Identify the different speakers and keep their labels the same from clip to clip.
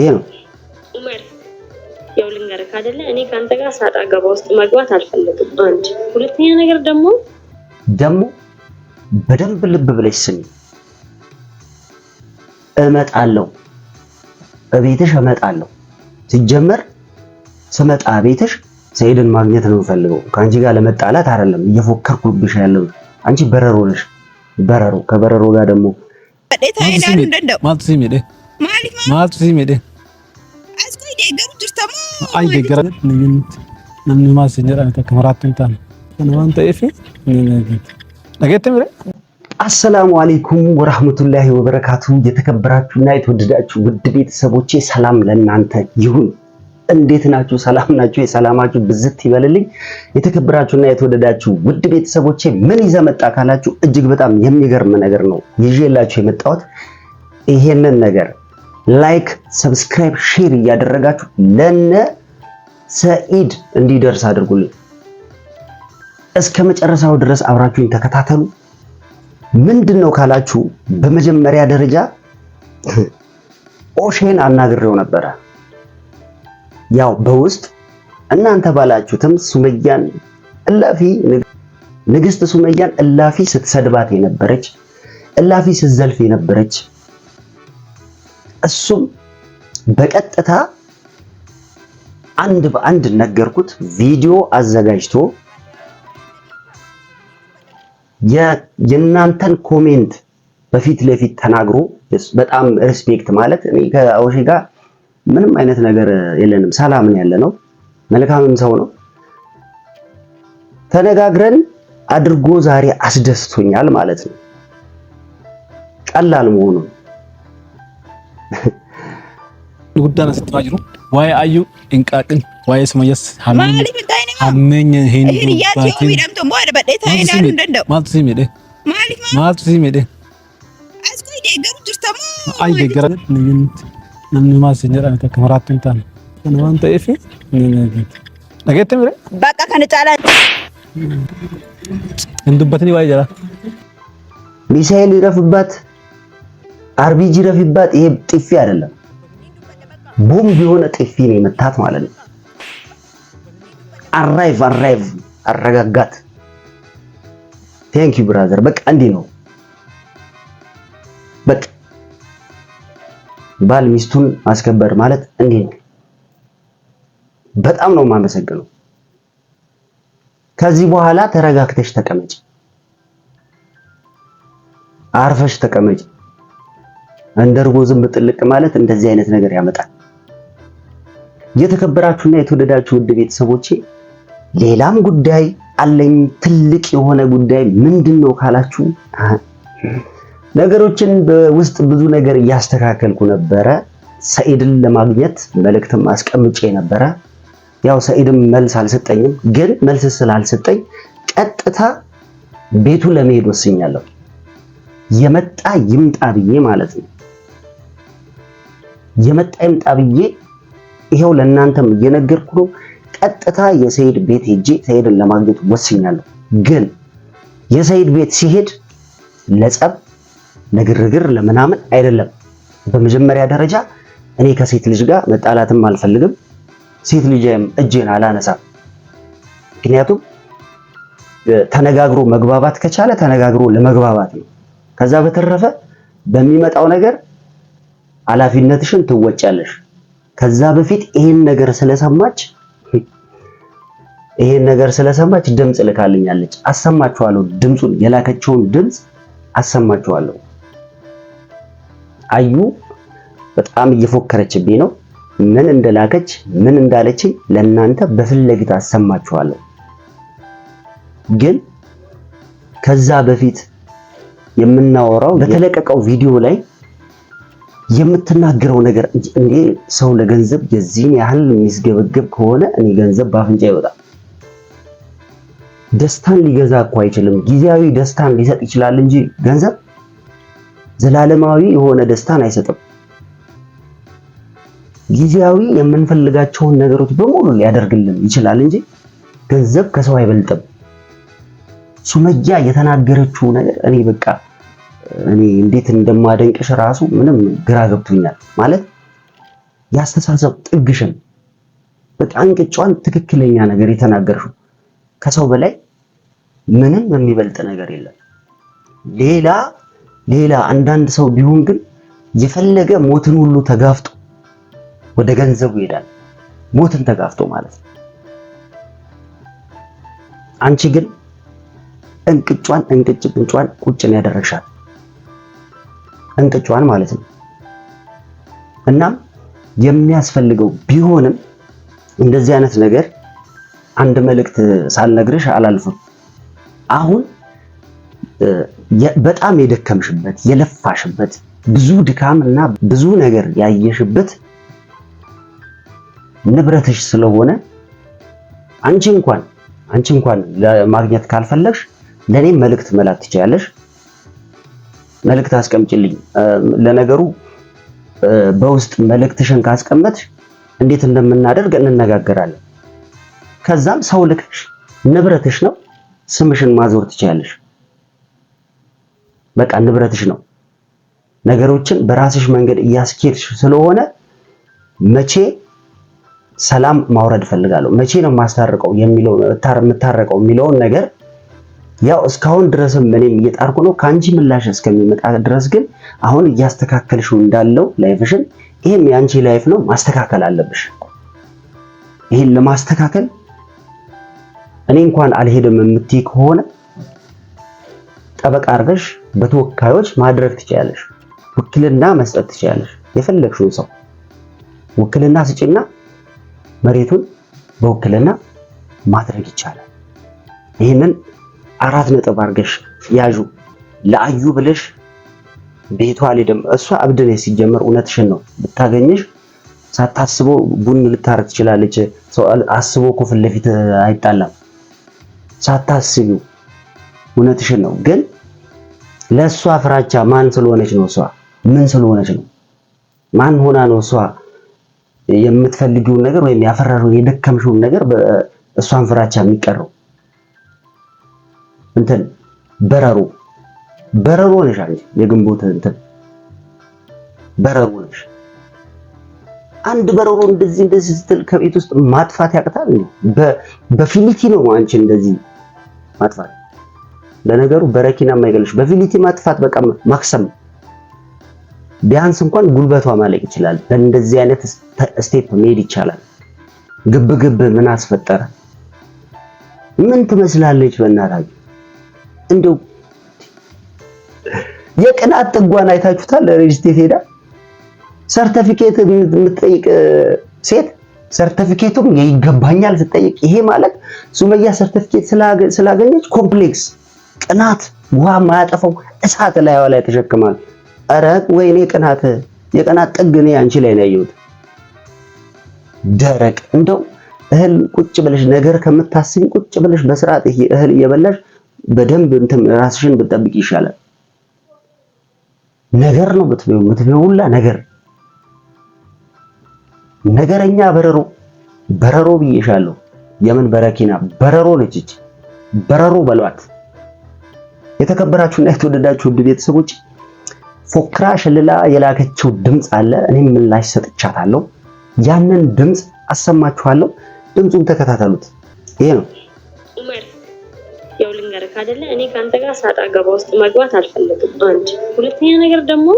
Speaker 1: ይሄ ነው።
Speaker 2: ኡመር ያው ልንገርህ አይደለ እኔ ከአንተ ጋር ሳጣ ገባ ውስጥ መግባት አልፈለግም። አንድ ሁለተኛ ነገር ደግሞ
Speaker 1: ደግሞ በደንብ ልብ ብለሽ ስሚ። እመጣለሁ፣ እቤትሽ እመጣለሁ። ሲጀመር ስመጣ ቤትሽ ሰይድን ማግኘት ነው የምፈልገው። ከአንቺ ጋር ለመጣላት አይደለም እየፎከርኩብሽ ያለው። አንቺ በረሮ ነሽ፣ በረሮ ከበረሮ ጋር ደግሞ
Speaker 2: ማለት
Speaker 3: ማለት እዚህ ሜዳ
Speaker 1: አሰላሙ አለይኩም ወራህመቱላሂ ወበረካቱ። የተከበራችሁና የተወደዳችሁ ውድ ቤተሰቦቼ ሰላም ለእናንተ ይሁን። እንዴት ናችሁ? ሰላም ናችሁ? የሰላማችሁ ብዝት ይበልልኝ። የተከበራችሁና የተወደዳችሁ ውድ ቤተሰቦቼ ምን ይዘ መጣ ካላችሁ እጅግ በጣም የሚገርም ነገር ነው ይዤላችሁ የመጣሁት ይሄንን ነገር ላይክ፣ ሰብስክራይብ፣ ሼር እያደረጋችሁ ለነ ሰኢድ እንዲደርስ አድርጉልኝ። እስከ መጨረሻው ድረስ አብራችሁኝ ተከታተሉ። ምንድን ነው ካላችሁ በመጀመሪያ ደረጃ ኦሼን አናግሬው ነበረ። ያው በውስጥ እናንተ ባላችሁትም ሱመያን እላፊ ንግስት ሱመያን እላፊ ስትሰድባት የነበረች እላፊ ስትዘልፍ የነበረች እሱም በቀጥታ አንድ በአንድ ነገርኩት። ቪዲዮ አዘጋጅቶ የእናንተን ኮሜንት በፊት ለፊት ተናግሮ በጣም ሪስፔክት ማለት እኔ ከአውሼ ጋር ምንም አይነት ነገር የለንም፣ ሰላምን ያለ ነው። መልካምም ሰው ነው። ተነጋግረን አድርጎ ዛሬ አስደስቶኛል ማለት ነው ቀላል መሆኑን
Speaker 3: ጉዳና ስትማጅሩ ዋይ አዩ እንቃቅን ዋይ ስመየስ ሀመኝ ሚሳኤል
Speaker 1: ይረፍባት አርቢጂ ረፊባት ይሄ ጥፊ አይደለም፣ ቦምብ የሆነ ጥፊ ነው የመታት ማለት ነው። አራይቭ አራይቭ አረጋጋት። ቴንክ ዩ ብራዘር። በቃ እንዲህ ነው በቃ ባል ሚስቱን ማስከበር ማለት እንዲህ ነው። በጣም ነው የማመሰግነው። ከዚህ በኋላ ተረጋግተሽ ተቀመጭ፣ አርፈሽ ተቀመጭ። አንደርጎ ዝም ጥልቅ ማለት እንደዚህ አይነት ነገር ያመጣል። የተከበራችሁና የተወደዳችሁ ውድ ቤተሰቦቼ ሌላም ጉዳይ አለኝ። ትልቅ የሆነ ጉዳይ ምንድን ነው ካላችሁ ነገሮችን በውስጥ ብዙ ነገር እያስተካከልኩ ነበረ። ሰኢድን ለማግኘት መልእክትም አስቀምጬ ነበረ። ያው ሰኢድም መልስ አልሰጠኝም። ግን መልስ ስላልሰጠኝ ቀጥታ ቤቱ ለመሄድ ወስኛለሁ። የመጣ ይምጣ ብዬ ማለት ነው። የመጣ ይምጣ ብዬ ይኸው ለእናንተም እየነገርኩ ነው። ቀጥታ የሰይድ ቤት ሄጄ ሰይድን ለማግኘት ወስኛለሁ። ግን የሰይድ ቤት ሲሄድ ለጸብ፣ ለግርግር፣ ለምናምን አይደለም። በመጀመሪያ ደረጃ እኔ ከሴት ልጅ ጋር መጣላትም አልፈልግም። ሴት ልጅም እጄን አላነሳም። ምክንያቱም ተነጋግሮ መግባባት ከቻለ ተነጋግሮ ለመግባባት ነው። ከዛ በተረፈ በሚመጣው ነገር ኃላፊነትሽን ትወጫለሽ። ከዛ በፊት ይሄን ነገር ስለሰማች ይሄን ነገር ስለሰማች ድምፅ ልካልኛለች። አሰማችኋለሁ። ድምፁን የላከችውን ድምፅ አሰማችኋለሁ። አዩ በጣም እየፎከረችብኝ ነው። ምን እንደላከች ምን እንዳለችኝ ለእናንተ በፊት ለፊት አሰማችኋለሁ። ግን ከዛ በፊት የምናወራው በተለቀቀው ቪዲዮ ላይ የምትናገረው ነገር እንዴ ሰው ለገንዘብ የዚህን ያህል የሚስገበገብ ከሆነ እኔ ገንዘብ በአፍንጫ ይወጣል። ደስታን ሊገዛ እኮ አይችልም። ጊዜያዊ ደስታን ሊሰጥ ይችላል እንጂ ገንዘብ ዘላለማዊ የሆነ ደስታን አይሰጥም። ጊዜያዊ የምንፈልጋቸውን ነገሮች በሙሉ ሊያደርግልን ይችላል እንጂ ገንዘብ ከሰው አይበልጥም። ሱመያ የተናገረችው ነገር እኔ በቃ እኔ እንዴት እንደማደንቅሽ ራሱ ምንም ግራ ገብቶኛል። ማለት ያስተሳሰብ ጥግሽን በቃ እንቅጫዋን ትክክለኛ ነገር የተናገርሽው ከሰው በላይ ምንም የሚበልጥ ነገር የለም። ሌላ ሌላ አንዳንድ ሰው ቢሆን ግን የፈለገ ሞትን ሁሉ ተጋፍጦ ወደ ገንዘቡ ይሄዳል። ሞትን ተጋፍጦ ማለት ነው። አንቺ ግን እንቅጫን እንቅጭ ቅንጯን ቁጭን ያደረግሻል። እንቅጯን ማለት ነው። እናም የሚያስፈልገው ቢሆንም እንደዚህ አይነት ነገር አንድ መልእክት ሳልነግርሽ አላልፍም። አሁን በጣም የደከምሽበት የለፋሽበት ብዙ ድካም እና ብዙ ነገር ያየሽበት ንብረትሽ ስለሆነ አንቺ እንኳን አንቺ እንኳን ለማግኘት ካልፈለግሽ ለእኔም መልእክት መላክ ትችላለሽ። መልእክት አስቀምጭልኝ። ለነገሩ በውስጥ መልእክትሽን ካስቀመጥ እንዴት እንደምናደርግ እንነጋገራለን። ከዛም ሰው ልክሽ ንብረትሽ ነው፣ ስምሽን ማዞር ትችያለሽ። በቃ ንብረትሽ ነው። ነገሮችን በራስሽ መንገድ እያስኬድሽ ስለሆነ መቼ ሰላም ማውረድ እፈልጋለሁ፣ መቼ ነው የማስታርቀው የሚለው የምታረቀው የሚለውን ነገር ያው እስካሁን ድረስም እኔም እየጣርኩ ነው። ከአንቺ ምላሽ እስከሚመጣ ድረስ ግን አሁን እያስተካከልሽው እንዳለው ላይፍሽን፣ ይሄም የአንቺ ላይፍ ነው፣ ማስተካከል አለብሽ። ይሄን ለማስተካከል እኔ እንኳን አልሄድም የምትይ ከሆነ ጠበቃ አድርገሽ በተወካዮች ማድረግ ትችያለሽ። ውክልና መስጠት ትችያለሽ። የፈለግሽውን ሰው ውክልና ስጪና መሬቱን በውክልና ማድረግ ይቻላል። ይህንን አራት ነጥብ አርገሽ ያዡ። ለአዩ ብለሽ ቤቷ አልሄድም። እሷ እብድ ነች ሲጀመር፣ እውነትሽን ነው። ብታገኝሽ ሳታስቦ ቡን ልታረግ ትችላለች። ሰው አስቦ እኮ ፊት ለፊት አይጣላም። ሳታስቢው እውነትሽን ነው። ግን ለእሷ ፍራቻ ማን ስለሆነች ነው? እሷ ምን ስለሆነች ነው? ማን ሆና ነው እሷ የምትፈልጊውን ነገር ወይም ያፈራሽውን የደከምሽውን ነገር በእሷን ፍራቻ የሚቀረው? እንትን በረሮ በረሮ ነሽ አንቺ፣ የግንቦት እንትን በረሮ ነሽ። አንድ በረሮ እንደዚህ እንደዚህ ስትል ከቤት ውስጥ ማጥፋት ያቅታል። በፊሊቲ ነው አንቺ እንደዚህ ማጥፋት። ለነገሩ በረኪና የማይገልሽ በፊሊቲ ማጥፋት በቃ ማክሰም። ቢያንስ እንኳን ጉልበቷ ማለቅ ይችላል። በእንደዚህ አይነት ስቴፕ መሄድ ይቻላል። ግብ ግብ ምን አስፈጠረ? ምን ትመስላለች በእናታችሁ? እንደው የቅናት ጥጓን አይታችሁታል። ሬጅስቴት ሄዳ ሰርተፊኬት የምትጠይቅ ሴት ሰርተፊኬቱም ይገባኛል ስትጠይቅ፣ ይሄ ማለት ሱመያ ሰርተፊኬት ስላገኘች ኮምፕሌክስ ቅናት ውሃ ማያጠፈው እሳት ላይዋ ላይ ተሸክማል። ኧረ ወይኔ ቅናት የቅናት ጥግ እኔ አንቺ ላይ ነው ያየሁት። ደረቅ እንደው እህል ቁጭ ብለሽ ነገር ከምታስኝ ቁጭ ብለሽ በስርዓት እህል እየበላሽ በደንብ ራስሽን ብትጠብቂ ይሻላል። ነገር ነው የምትበይው የምትበይው ሁላ ነገር ነገረኛ በረሮ በረሮ ብዬሻለሁ። የምን በረኪና በረሮ ነች እች በረሮ በሏት። የተከበራችሁና የተወደዳችሁ ውድ ቤተሰቦች ፎክራ ሽልላ የላከችው ድምፅ አለ። እኔም ምላሽ ሰጥቻታለሁ። ያንን ድምፅ አሰማችኋለሁ። ድምፁን ተከታተሉት። ይሄ ነው
Speaker 2: ነገርክ አይደለ? እኔ ከአንተ ጋር ሳጣ ገባ ውስጥ መግባት አልፈለግም። አንድ ሁለተኛ ነገር ደግሞ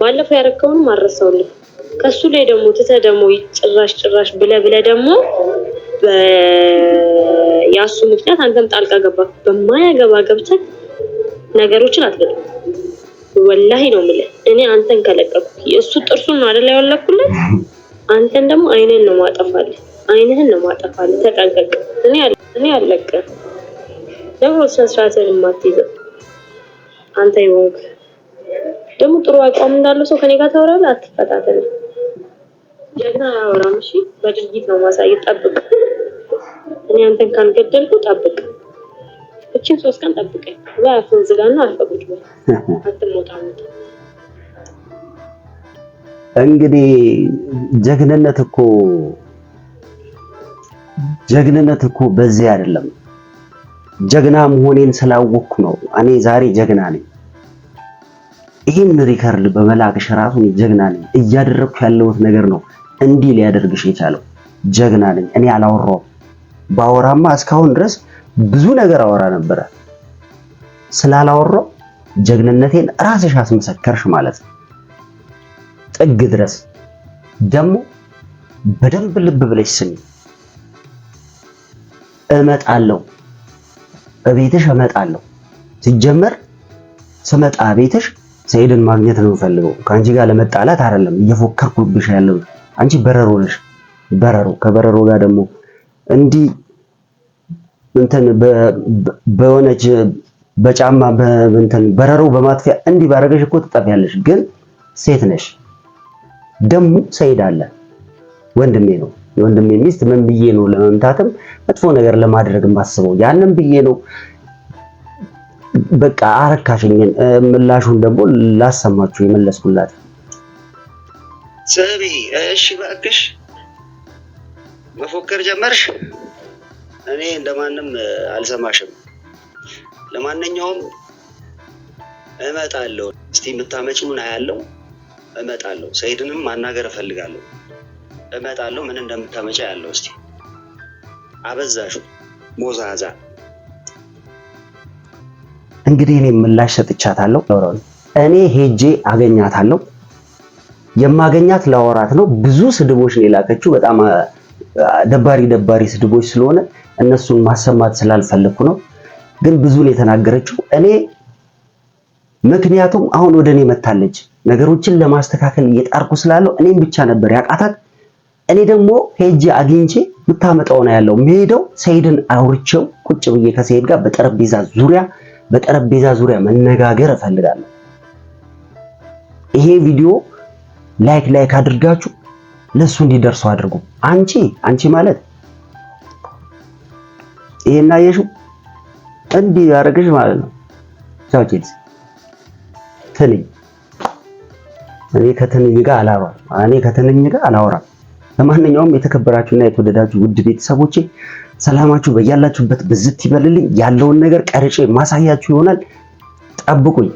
Speaker 2: ባለፈው ያረከውን አልረሳውልም። ከሱ ላይ ደግሞ ትተ ደግሞ ጭራሽ ጭራሽ ብለ ብለ ደግሞ ያሱ ምክንያት አንተም ጣልቃ ገባ። በማያገባ ገብተህ ነገሮችን አትገጥም። ወላሂ ነው ምለ እኔ አንተን ከለቀኩ የእሱ ጥርሱን ነው አደላ ያወለኩለት። አንተን ደግሞ አይንህን ነው ማጠፋለ አይንህን ነው ማጠፋለ ተጠንቀቅ። እኔ አለቀ ደግሞ ስነ የማትይዘው አንተ ይሆንክ ደግሞ ጥሩ አቋም እንዳለው ሰው ከኔ ጋር ታወራለህ። አትፈታተን። ጀግና አያወራም። እሺ፣ በድርጊት ነው ማሳየት። ጠብቅ። እኔ አንተን ካልገደልኩ ጠብቅ። እችን ሶስት ቀን ጠብቀኝ። ወይ አፍን ዝጋና ነው ወይ አትሞጣ።
Speaker 1: እንግዲህ ጀግንነት እኮ ጀግንነት እኮ በዚህ አይደለም ጀግና መሆኔን ስላወቅኩ ነው። እኔ ዛሬ ጀግና ነኝ። ይህን ሪከርድ በመላክሽ ራሱ ጀግና ነኝ እያደረግኩ ያለሁት ነገር ነው እንዲህ ሊያደርግሽ የቻለው ጀግና ነኝ። እኔ አላወራውም። ባወራማ እስካሁን ድረስ ብዙ ነገር አወራ ነበረ። ስላላወራው ጀግንነቴን ራስሽ አስመሰከርሽ ማለት ነው። ጥግ ድረስ ደግሞ በደንብ ልብ ብለሽ ስሚ። እመጣለሁ እቤትሽ እመጣለሁ። ሲጀመር ስመጣ ቤትሽ ሰይድን ማግኘት ነው የምፈልገው። ከአንቺ ጋር ለመጣላት አይደለም እየፎከርኩብሽ ያለው። አንቺ በረሮ ነሽ፣ በረሮ ከበረሮ ጋር ደግሞ እንዲህ እንትን በሆነች በጫማ እንትን በረሮ በማጥፊያ እንዲህ ባረገሽ እኮ ትጠፊያለሽ። ግን ሴት ነሽ። ደሙ ሰይድ አለ ወንድሜ ነው የወንድሜ ሚስት ምን ብዬ ነው ለመምታትም መጥፎ ነገር ለማድረግ ማስበው ያንን ብዬ ነው በቃ አረካሽኝን። ምላሹን ደግሞ ላሰማችሁ የመለስኩላት
Speaker 4: ጽቢ። እሺ እባክሽ መፎከር ጀመርሽ። እኔ እንደማንም አልሰማሽም። ለማንኛውም እመጣለሁ። እስቲ የምታመጪውን አያለው። እመጣለሁ። ሰይድንም ማናገር እፈልጋለሁ። እመጣለሁ ምን እንደምታመጫ ያለው እስቲ አበዛሹ ሞዛዛ
Speaker 1: እንግዲህ እኔ ምላሽ ሰጥቻታለሁ። እኔ ሄጄ አገኛታለሁ። የማገኛት ለወራት ነው። ብዙ ስድቦች ነው የላከችው። በጣም ደባሪ ደባሪ ስድቦች ስለሆነ እነሱን ማሰማት ስላልፈለኩ ነው። ግን ብዙ ነው የተናገረችው። እኔ ምክንያቱም አሁን ወደ እኔ መታለች ነገሮችን ለማስተካከል እየጣርኩ ስላለው እኔም ብቻ ነበር ያቃታት። እኔ ደግሞ ሄጂ አግኝቼ የምታመጣው ነው ያለው። መሄደው ሰይድን አውርቼው ቁጭ ብዬ ከሰይድ ጋር በጠረጴዛ ዙሪያ በጠረጴዛ ዙሪያ መነጋገር እፈልጋለሁ። ይሄ ቪዲዮ ላይክ ላይክ አድርጋችሁ ለሱ እንዲደርሱ አድርጉ። አንቺ አንቺ ማለት ይሄና የሹ እንዲህ ያደረግሽ ማለት ነው። ቻው ቺልስ ትንኝ እኔ ከትንኝ ጋር አላወራም። እኔ ከትንኝ ጋር አላወራም። ለማንኛውም የተከበራችሁና የተወደዳችሁ ውድ ቤተሰቦቼ ሰላማችሁ በያላችሁበት ብዝት ይበልልኝ። ያለውን ነገር ቀርጬ ማሳያችሁ ይሆናል። ጠብቁኝ።